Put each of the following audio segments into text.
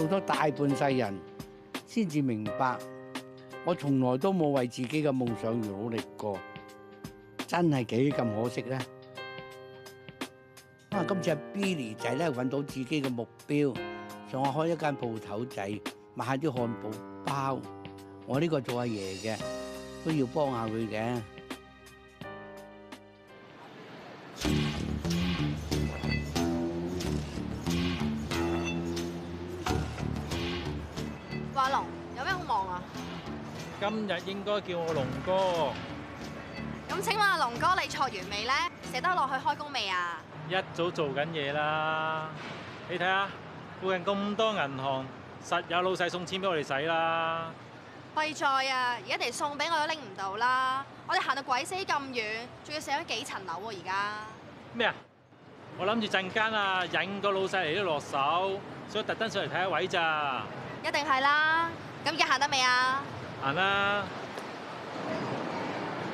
做咗大半世人先至明白，我從來都冇為自己嘅夢想而努力過，真係幾咁可惜咧！啊，今次阿 Billy 仔咧揾到自己嘅目標，想我開一間鋪頭仔買下啲漢堡包，我呢個做阿爺嘅都要幫下佢嘅。 今日應該叫我龍哥咁，請問啊，龍哥，你坐完未咧？捨得落去開工未啊？一早做緊嘢啦。你睇下附近咁多銀行，實有老細送錢俾我哋使啦。弊在啊，而家嚟送俾我都拎唔到啦。我哋行到鬼死咁遠，仲要上咗幾層樓喎。而家咩啊？我諗住陣間啊，引個老細嚟都落手，所以特登上嚟睇下位咋。一定係啦。咁而家行得未啊？行啦，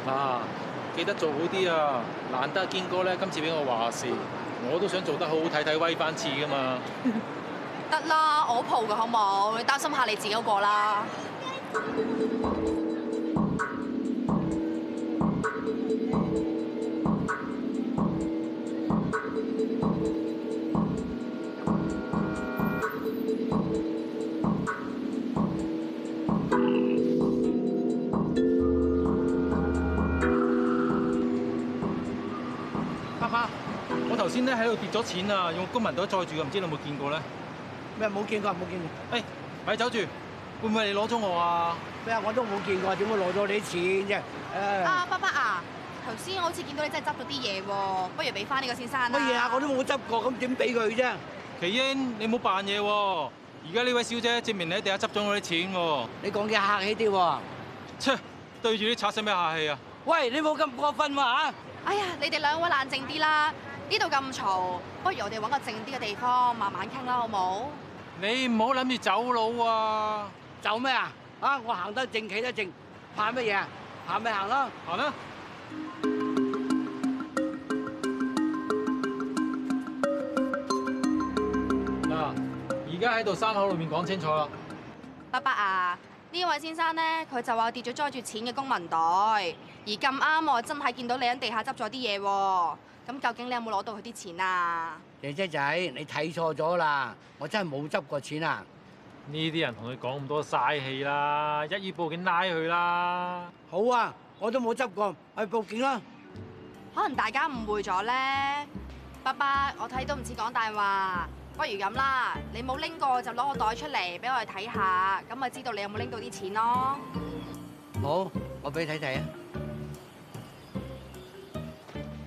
嗱，記得做好啲啊！難得堅哥咧，今次俾我話事，我都想做得好好睇睇威班次噶嘛。得啦，我好抱嘅好冇，你擔心下你自己好過啦。爸爸，我頭先咧喺度跌咗錢啊，用公文袋載住嘅，唔知你有冇見過咧？咩？冇見過，冇見過。哎，咪走住，會唔會你攞咗我啊？咩？我都冇見過，點會攞咗你啲錢啫？誒，阿爸爸啊，頭先我好似見到你真係執咗啲嘢喎，不如俾翻呢個先生。可以啊，我都冇執過，咁點俾佢啫？奇英，你唔好扮嘢喎，而家呢位小姐證明你地下執咗我啲錢喎。你講嘢客氣啲喎。切，對住啲賊使咩客氣啊？喂，你冇咁過分嘛、啊、嚇！哎呀，你哋兩位冷靜啲啦，呢度咁嘈，不如我哋揾個靜啲嘅地方慢慢傾啦，好冇？你唔好諗住走佬喎！走咩啊？啊，我行得正，企得正，怕乜嘢啊？行咪行啦，行啦！嗱，而家喺度山口裏面講清楚啦，爸爸啊！呢位先生咧，佢就話跌咗載住錢嘅公文袋，而咁啱我真係見到你喺地下執咗啲嘢喎。咁究竟你有冇攞到佢啲錢啊？姐姐仔，你睇錯咗啦，我真係冇執過錢啊！呢啲人同你講咁多嘥氣啦，一於報警拉佢啦。好啊，我都冇執過，去報警啦。可能大家誤會咗咧，爸爸，我睇都唔似講大話。不如咁啦，你冇拎過就攞個袋出嚟俾我哋睇下，咁咪知道你有冇拎到啲錢咯。好，我俾你睇睇啊。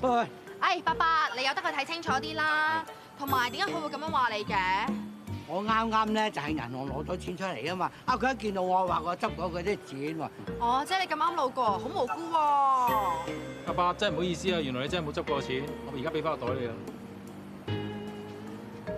喂，哎，爸爸，你有得佢睇清楚啲啦。同埋點解佢會咁樣話你嘅？我啱啱咧就喺銀行攞咗錢出嚟啊嘛，啊佢一見到我話我執過佢啲錢喎。哦，即係你咁啱路過，好無辜喎。阿爸真係唔好意思啊，原來你真係冇執過錢，我而家俾翻個袋你啊。